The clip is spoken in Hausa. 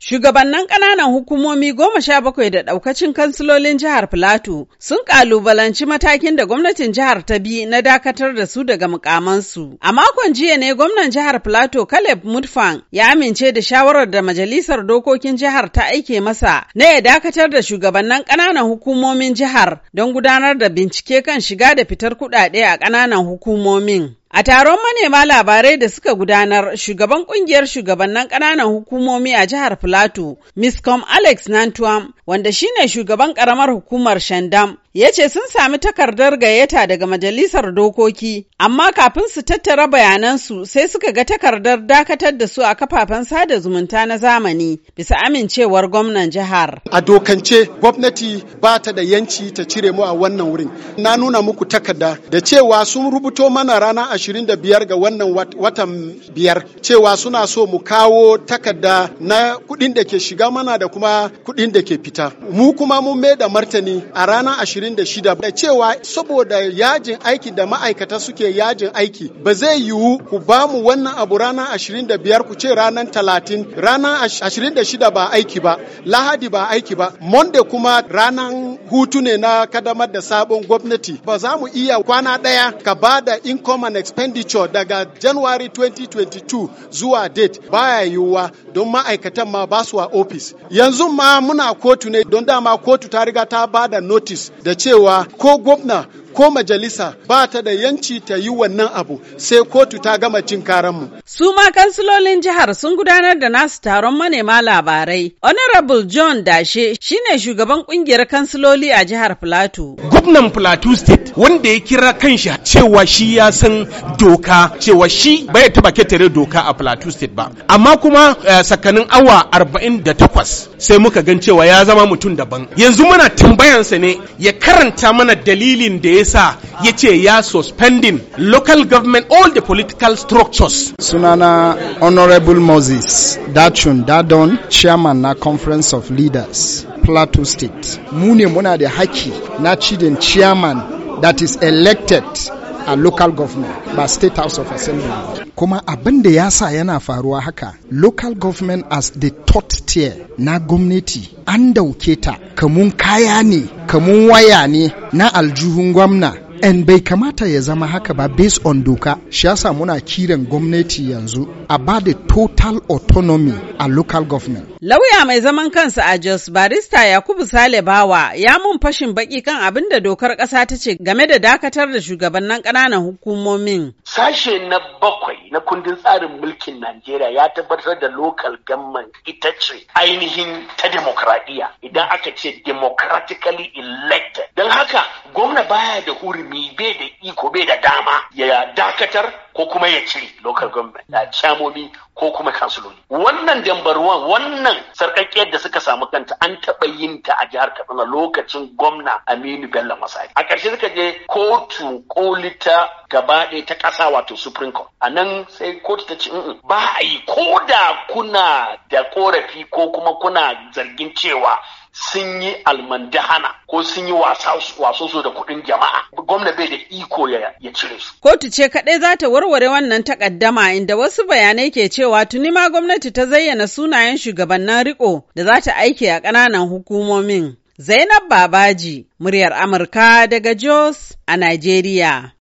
Shugabannin ƙananan hukumomi goma sha bakwai da ɗaukacin kansilolin jihar Filato sun ƙalubalanci matakin da gwamnatin jihar ta bi na dakatar da su daga mukamansu. A makon jiya ne gwamnan jihar Filato Caleb Mutfan ya amince da shawarar da majalisar dokokin jihar ta aike masa na ya dakatar da shugabannin ƙananan hukumomin jihar don gudanar da bincike kan shiga da fitar kuɗaɗe a ƙananan hukumomin. A taron manema labarai da suka gudanar, shugaban kungiyar shugabannin ƙananan hukumomi a jihar Filato, Miscom Alex Nantuam, wanda shine shugaban ƙaramar hukumar Shandam, ya ce sun sami takardar gayyata daga majalisar dokoki, amma kafin su tattara bayanansu sai suka ga takardar dakatar da su a kafafen sada zumunta na zamani bisa amincewar gwamnan jihar. A dokance gwamnati ba ta da yanci ta cire mu a wannan wurin. Na nuna muku takarda da cewa sun rubuto mana rana 25 ga wannan watan biyar cewa suna so mu kawo takarda na kuɗin da ke shiga mana da kuma kuɗin da ke fita. Mu kuma mun mai da martani a ranar 26 da cewa saboda yajin aiki da ma'aikata suke yajin aiki ba zai yiwu ku ba mu wannan abu ranar 25 ku ce ranar 30 ranar 26 ba aiki ba lahadi ba aiki ba monday kuma ranar hutu ne na kadamar da sabon gwamnati ba za mu iya kwana ɗaya ka ba da income expenditure daga January 2022 zuwa date baya yiwuwa don ma'aikatan ma ba su a office. Yanzu ma muna kotu ne don dama kotu ta riga ta ba da notice da cewa ko gwamna ko majalisa ba ta da yanci ta yi wannan abu sai kotu ta gama cin karanmu. Su ma kansilolin jihar sun gudanar da nasu taron manema labarai. Honorable John Dashe shine shugaban kungiyar kansiloli a jihar Plateau. Gwamnan Plateau State wanda ya kira kanshi cewa shi ya san doka cewa shi bai taba ketare doka a Plateau State ba. Amma kuma eh, sakanin awa 48 sai muka gan cewa ya zama mutum daban. Yanzu muna tambayansa ne ya karanta mana dalilin da ya yasa ya ce ya suspending local government all the political structures sunana honorable moses dachun dadon chairman na conference of leaders plateau state mu ne muna da haki na cidin chairman that is elected a local government ba state house of assembly kuma abin da ya sa yana faruwa haka local government as the third tier na gwamnati an dauke ta kamun kaya ne kamun waya ne na aljihun gwamna and bai kamata ya zama haka ba based on doka shi yasa muna kiran gwamnati yanzu a ba da total autonomy a local government Lauya mai zaman kansa a Jos barista Yakubu Sale Bawa ya mun fashin baki kan abin da dokar ƙasa ta ce game da dakatar da shugabannin ƙananan hukumomin. Sashe na bakwai na kundin tsarin mulkin Najeriya ya tabbatar da local government ita ce ainihin ta demokradiyya idan aka ce democratically elected. Don haka gwamna baya da hurumi bai da iko bai da dama ya dakatar ko kuma ya cire local government a camomi ko kuma kansuloli wannan ruwan wannan sarkakkiyar da suka samu kanta an taɓa yin ta a jihar katsina lokacin gwamna aminu bello masari a ƙarshe suka je kotu koli ta gaba ɗaya ta ƙasa wato supreme court a nan sai kotu ta ce ba a yi ko da kuna da ƙorafi ko kuma kuna zargin cewa sun yi almandahana ko sun yi su da kuɗin jama'a gwamna bai da iko ya cire su. Kotu ce kaɗai za ta warware wannan takaddama inda wasu bayanai ke cewa tuni ma gwamnati ta zayyana sunayen shugabannin riko da za ta aiki a ƙananan hukumomin. Zainab Babaji, muryar Amurka daga Jos a Najeriya.